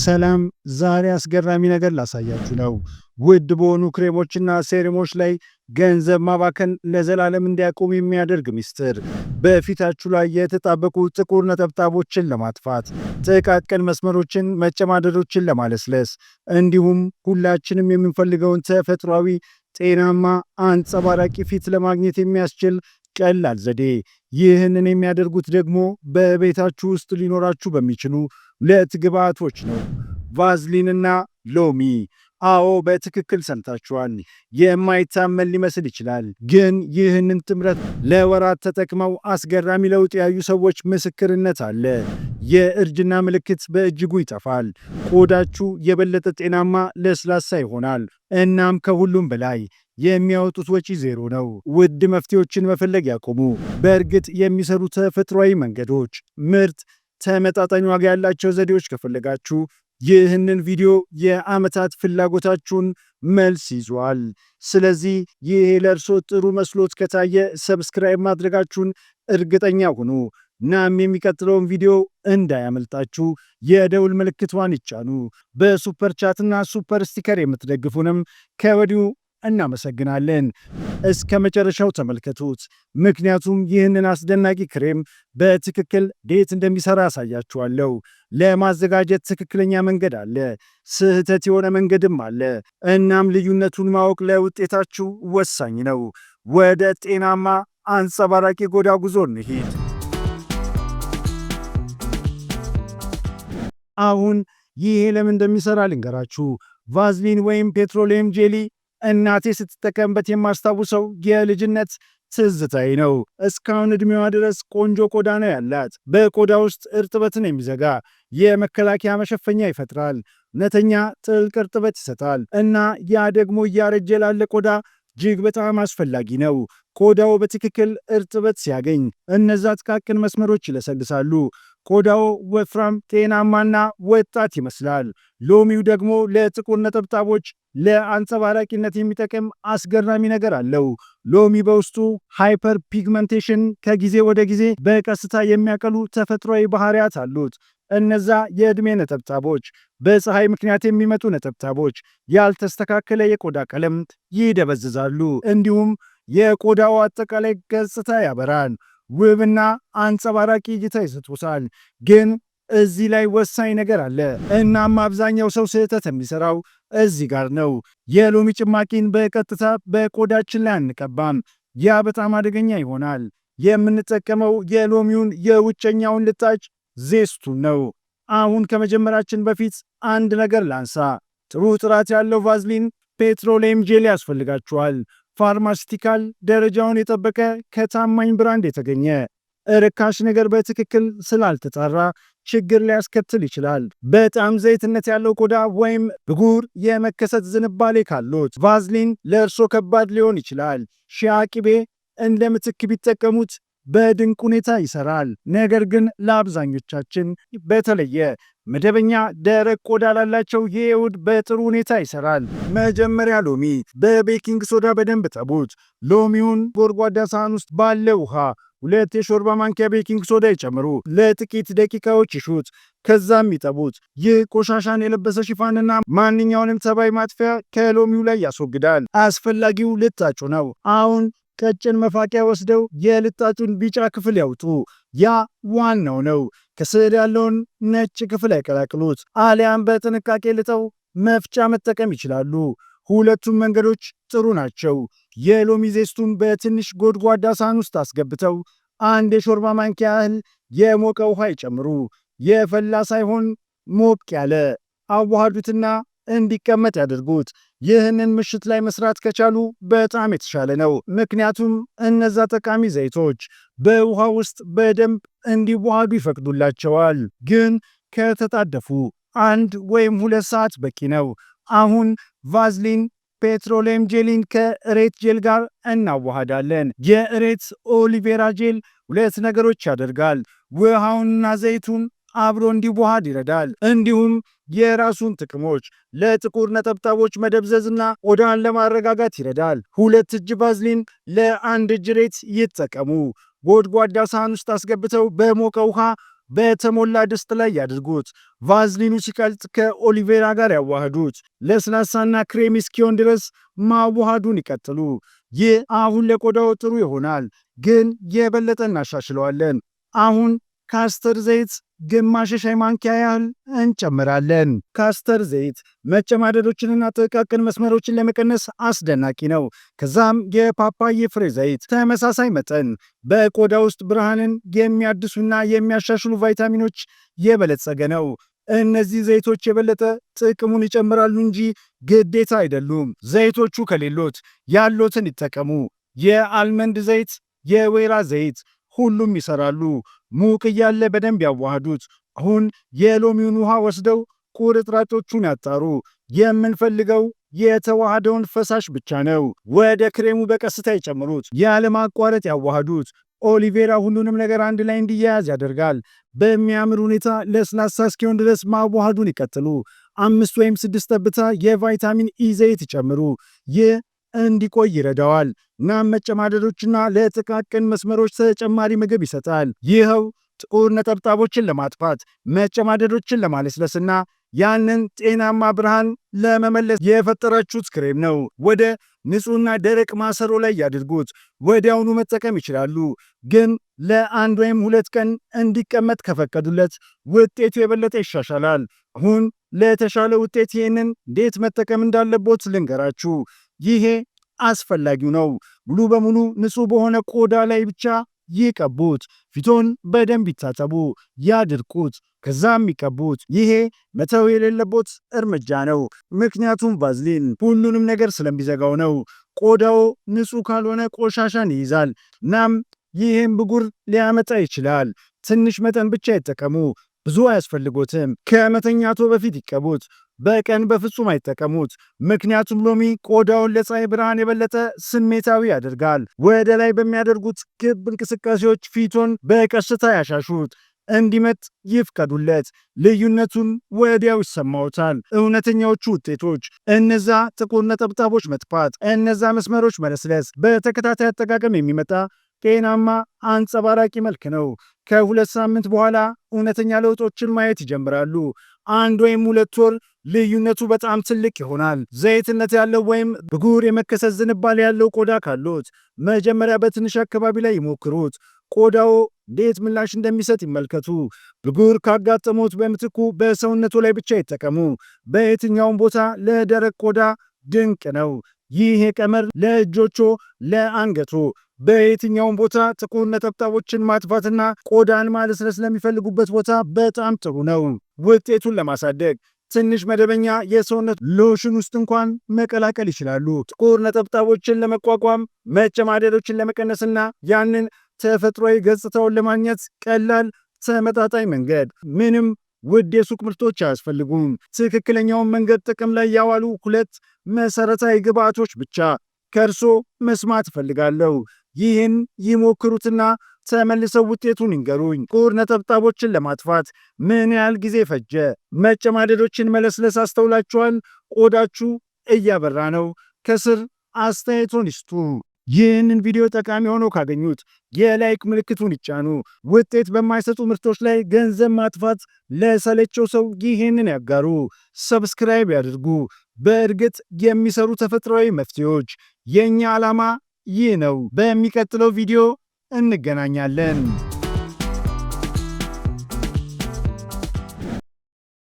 ሰላም ዛሬ አስገራሚ ነገር ላሳያችሁ ነው። ውድ በሆኑ ክሬሞችና ሴሪሞች ላይ ገንዘብ ማባከን ለዘላለም እንዲያቆም የሚያደርግ ሚስጥር፣ በፊታችሁ ላይ የተጣበቁ ጥቁር ነጠብጣቦችን ለማጥፋት፣ ጥቃቅን መስመሮችን፣ መጨማደዶችን ለማለስለስ እንዲሁም ሁላችንም የምንፈልገውን ተፈጥሯዊ ጤናማ አንጸባራቂ ፊት ለማግኘት የሚያስችል ቀላል ዘዴ። ይህንን የሚያደርጉት ደግሞ በቤታችሁ ውስጥ ሊኖራችሁ በሚችሉ ሁለት ግብዓቶች ነው፣ ቫዝሊንና ሎሚ። አዎ በትክክል ሰምታችኋል። የማይታመን ሊመስል ይችላል፣ ግን ይህንን ጥምረት ለወራት ተጠቅመው አስገራሚ ለውጥ ያዩ ሰዎች ምስክርነት አለ። የእርጅና ምልክት በእጅጉ ይጠፋል። ቆዳችሁ የበለጠ ጤናማ፣ ለስላሳ ይሆናል። እናም ከሁሉም በላይ የሚያወጡት ወጪ ዜሮ ነው። ውድ መፍትሄዎችን መፈለግ ያቆሙ። በእርግጥ የሚሰሩ ተፈጥሯዊ መንገዶች ምርት ተመጣጣኝ ዋጋ ያላቸው ዘዴዎች ከፈለጋችሁ ይህንን ቪዲዮ የአመታት ፍላጎታችሁን መልስ ይዟል። ስለዚህ ይሄ ለእርሶ ጥሩ መስሎት ከታየ ሰብስክራይብ ማድረጋችሁን እርግጠኛ ሁኑ። እናም የሚቀጥለውን ቪዲዮ እንዳያመልጣችሁ የደውል ምልክቷን ይጫኑ። በሱፐር ቻትና ሱፐር ስቲከር የምትደግፉንም ከወዲሁ እናመሰግናለን። እስከ መጨረሻው ተመልከቱት፣ ምክንያቱም ይህንን አስደናቂ ክሬም በትክክል እንዴት እንደሚሰራ አሳያችኋለሁ። ለማዘጋጀት ትክክለኛ መንገድ አለ፣ ስህተት የሆነ መንገድም አለ። እናም ልዩነቱን ማወቅ ለውጤታችሁ ወሳኝ ነው። ወደ ጤናማ አንጸባራቂ ቆዳ ጉዞ እንሂድ። አሁን ይሄ ለምን እንደሚሰራ ልንገራችሁ። ቫዝሊን ወይም ፔትሮሊየም ጄሊ እናቴ ስትጠቀምበት የማስታውሰው የልጅነት ትዝታይ ነው። እስካሁን ዕድሜዋ ድረስ ቆንጆ ቆዳ ነው ያላት። በቆዳ ውስጥ እርጥበትን የሚዘጋ የመከላከያ መሸፈኛ ይፈጥራል። እውነተኛ ጥልቅ እርጥበት ይሰጣል እና ያ ደግሞ እያረጀ ላለ ቆዳ እጅግ በጣም አስፈላጊ ነው። ቆዳው በትክክል እርጥበት ሲያገኝ እነዛ ጥቃቅን መስመሮች ይለሰልሳሉ። ቆዳው ወፍራም ጤናማና ወጣት ይመስላል። ሎሚው ደግሞ ለጥቁር ነጠብጣቦች ለአንጸባራቂነት የሚጠቅም አስገራሚ ነገር አለው። ሎሚ በውስጡ ሃይፐር ፒግመንቴሽን ከጊዜ ወደ ጊዜ በቀስታ የሚያቀሉ ተፈጥሯዊ ባህሪያት አሉት። እነዛ የዕድሜ ነጠብጣቦች፣ በፀሐይ ምክንያት የሚመጡ ነጠብጣቦች፣ ያልተስተካከለ የቆዳ ቀለም ይደበዝዛሉ። እንዲሁም የቆዳው አጠቃላይ ገጽታ ያበራል። ውብና አንጸባራቂ እይታ ይሰጡታል። ግን እዚህ ላይ ወሳኝ ነገር አለ። እናም አብዛኛው ሰው ስህተት የሚሰራው እዚህ ጋር ነው። የሎሚ ጭማቂን በቀጥታ በቆዳችን ላይ አንቀባም። ያ በጣም አደገኛ ይሆናል። የምንጠቀመው የሎሚውን የውጨኛውን ልጣጭ ዜስቱን ነው። አሁን ከመጀመራችን በፊት አንድ ነገር ላንሳ። ጥሩ ጥራት ያለው ቫዝሊን ፔትሮሌም ጄል ያስፈልጋችኋል። ፋርማሲቲካል ደረጃውን የጠበቀ ከታማኝ ብራንድ የተገኘ እርካሽ ነገር በትክክል ስላልተጣራ ችግር ሊያስከትል ይችላል። በጣም ዘይትነት ያለው ቆዳ ወይም ብጉር የመከሰት ዝንባሌ ካሉት ቫዝሊን ለእርሶ ከባድ ሊሆን ይችላል። ሺአ ቅቤ እንደ ምትክ ቢጠቀሙት በድንቅ ሁኔታ ይሰራል። ነገር ግን ለአብዛኞቻችን በተለየ መደበኛ ደረቅ ቆዳ ላላቸው የእሁድ በጥሩ ሁኔታ ይሰራል። መጀመሪያ ሎሚ በቤኪንግ ሶዳ በደንብ ጠቡት። ሎሚውን ጎድጓዳ ሳህን ውስጥ ባለ ውሃ ሁለት የሾርባ ማንኪያ ቤኪንግ ሶዳ ይጨምሩ። ለጥቂት ደቂቃዎች ይሹት፣ ከዛም ይጠቡት። ይህ ቆሻሻን የለበሰ ሽፋንና ማንኛውንም ተባይ ማጥፊያ ከሎሚው ላይ ያስወግዳል። አስፈላጊው ልታጩ ነው። አሁን ቀጭን መፋቂያ ወስደው የልጣጩን ቢጫ ክፍል ያውጡ። ያ ዋናው ነው። ከስዕል ያለውን ነጭ ክፍል አይቀላቅሉት፣ አሊያም በጥንቃቄ ልጠው መፍጫ መጠቀም ይችላሉ። ሁለቱም መንገዶች ጥሩ ናቸው። የሎሚ ዜስቱን በትንሽ ጎድጓዳ ሳህን ውስጥ አስገብተው አንድ የሾርባ ማንኪያ ያህል የሞቀ ውሃ ይጨምሩ። የፈላ ሳይሆን ሞቅ ያለ አዋሃዱትና እንዲቀመጥ ያደርጉት ይህንን ምሽት ላይ መስራት ከቻሉ በጣም የተሻለ ነው። ምክንያቱም እነዛ ጠቃሚ ዘይቶች በውሃ ውስጥ በደንብ እንዲዋሃዱ ይፈቅዱላቸዋል። ግን ከተጣደፉ አንድ ወይም ሁለት ሰዓት በቂ ነው። አሁን ቫዝሊን ፔትሮሌም ጄሊን ከእሬት ጄል ጋር እናዋሃዳለን። የእሬት ኦሊቬራ ጄል ሁለት ነገሮች ያደርጋል። ውሃውንና ዘይቱን አብሮ እንዲዋሃድ ይረዳል። እንዲሁም የራሱን ጥቅሞች ለጥቁር ነጠብጣቦች መደብዘዝና ቆዳን ለማረጋጋት ይረዳል። ሁለት እጅ ቫዝሊን ለአንድ እጅ ሬት ይጠቀሙ። ጎድጓዳ ሳህን ውስጥ አስገብተው በሞቀ ውሃ በተሞላ ድስት ላይ ያድርጉት። ቫዝሊኑ ሲቀልጥ ከኦሊቬራ ጋር ያዋህዱት። ለስላሳና ክሬም እስኪሆን ድረስ ማዋሃዱን ይቀጥሉ። ይህ አሁን ለቆዳው ጥሩ ይሆናል፣ ግን የበለጠ እናሻሽለዋለን። አሁን ካስተር ዘይት ግማሽ ሻይ ማንኪያ ያህል እንጨምራለን። ካስተር ዘይት መጨማደዶችንና ጥቃቅን መስመሮችን ለመቀነስ አስደናቂ ነው። ከዛም የፓፓይ ፍሬ ዘይት ተመሳሳይ መጠን በቆዳ ውስጥ ብርሃንን የሚያድሱና የሚያሻሽሉ ቫይታሚኖች የበለጸገ ነው። እነዚህ ዘይቶች የበለጠ ጥቅሙን ይጨምራሉ እንጂ ግዴታ አይደሉም። ዘይቶቹ ከሌሎት ያሎትን ይጠቀሙ። የአልመንድ ዘይት፣ የወይራ ዘይት፣ ሁሉም ይሰራሉ። ሙቅ እያለ በደንብ ያዋህዱት። አሁን የሎሚውን ውሃ ወስደው ቁርጥራጮቹን ያጣሩ። የምንፈልገው የተዋሃደውን ፈሳሽ ብቻ ነው። ወደ ክሬሙ በቀስታ ይጨምሩት። ያለማቋረጥ ያዋህዱት። ኦሊቬራ ሁሉንም ነገር አንድ ላይ እንዲያያዝ ያደርጋል። በሚያምር ሁኔታ ለስላሳ እስኪሆን ድረስ ማዋሃዱን ይቀጥሉ። አምስት ወይም ስድስት ጠብታ የቫይታሚን ኢ ዘይት ይጨምሩ። ይህ እንዲቆይ ይረዳዋል። እናም መጨማደዶችና ለጥቃቅን መስመሮች ተጨማሪ ምግብ ይሰጣል። ይኸው ጥቁር ነጠብጣቦችን ለማጥፋት መጨማደዶችን ለማለስለስና ያንን ጤናማ ብርሃን ለመመለስ የፈጠራችሁት ክሬም ነው። ወደ ንጹህና ደረቅ ማሰሮ ላይ ያድርጉት። ወዲያውኑ መጠቀም ይችላሉ፣ ግን ለአንድ ወይም ሁለት ቀን እንዲቀመጥ ከፈቀዱለት ውጤቱ የበለጠ ይሻሻላል። አሁን ለተሻለ ውጤት ይህንን እንዴት መጠቀም እንዳለቦት ልንገራችሁ። ይሄ አስፈላጊው ነው። ሙሉ በሙሉ ንጹህ በሆነ ቆዳ ላይ ብቻ ይቀቡት። ፊቶን በደንብ ይታጠቡ፣ ያድርቁት፣ ከዛም ይቀቡት። ይሄ መተው የሌለቦት እርምጃ ነው። ምክንያቱም ቫዝሊን ሁሉንም ነገር ስለሚዘጋው ነው። ቆዳው ንጹህ ካልሆነ ቆሻሻን ይይዛል፣ እናም ይህም ብጉር ሊያመጣ ይችላል። ትንሽ መጠን ብቻ ይጠቀሙ። ብዙ አያስፈልጎትም። ከመተኛቶ በፊት ይቀቡት። በቀን በፍጹም አይጠቀሙት። ምክንያቱም ሎሚ ቆዳውን ለፀሐይ ብርሃን የበለጠ ስሜታዊ ያደርጋል። ወደ ላይ በሚያደርጉት ክብ እንቅስቃሴዎች ፊቶን በቀስታ ያሻሹት። እንዲመጥ ይፍቀዱለት። ልዩነቱን ወዲያው ይሰማውታል። እውነተኛዎቹ ውጤቶች እነዛ ጥቁር ነጠብጣቦች መጥፋት፣ እነዛ መስመሮች መለስለስ፣ በተከታታይ አጠቃቀም የሚመጣ ጤናማ አንጸባራቂ መልክ ነው። ከሁለት ሳምንት በኋላ እውነተኛ ለውጦችን ማየት ይጀምራሉ። አንድ ወይም ሁለት ወር ልዩነቱ በጣም ትልቅ ይሆናል። ዘይትነት ያለው ወይም ብጉር የመከሰት ዝንባሌ ያለው ቆዳ ካሎት መጀመሪያ በትንሽ አካባቢ ላይ ይሞክሩት። ቆዳው እንዴት ምላሽ እንደሚሰጥ ይመልከቱ። ብጉር ካጋጠሙት በምትኩ በሰውነቱ ላይ ብቻ ይጠቀሙ። በየትኛውም ቦታ ለደረቅ ቆዳ ድንቅ ነው። ይህ የቀመር ለእጆቹ፣ ለአንገቱ በየትኛውም ቦታ ጥቁር ነጠብጣቦችን ማጥፋትና ቆዳን ማለስለስ ለሚፈልጉበት ቦታ በጣም ጥሩ ነው። ውጤቱን ለማሳደግ ትንሽ መደበኛ የሰውነት ሎሽን ውስጥ እንኳን መቀላቀል ይችላሉ። ጥቁር ነጠብጣቦችን ለመቋቋም መጨማደዶችን ለመቀነስና ያንን ተፈጥሯዊ ገጽታውን ለማግኘት ቀላል ተመጣጣኝ መንገድ ምንም ውድ የሱቅ ምርቶች አያስፈልጉም። ትክክለኛውን መንገድ ጥቅም ላይ ያዋሉ ሁለት መሰረታዊ ግብዓቶች ብቻ ከእርሶ መስማት እፈልጋለሁ። ይህን ይሞክሩትና ተመልሰው ውጤቱን ይንገሩኝ። ጥቁር ነጠብጣቦችን ለማጥፋት ምን ያህል ጊዜ ፈጀ? መጨማደዶችን መለስለስ አስተውላችኋል? ቆዳችሁ እያበራ ነው? ከስር አስተያየቶን ይስጡ። ይህንን ቪዲዮ ጠቃሚ ሆኖ ካገኙት የላይክ ምልክቱን ይጫኑ። ውጤት በማይሰጡ ምርቶች ላይ ገንዘብ ማጥፋት ለሰለቸው ሰው ይህንን ያጋሩ። ሰብስክራይብ ያድርጉ። በእርግጥ የሚሰሩ ተፈጥሯዊ መፍትሄዎች የእኛ ዓላማ ይህ ነው። በሚቀጥለው ቪዲዮ እንገናኛለን።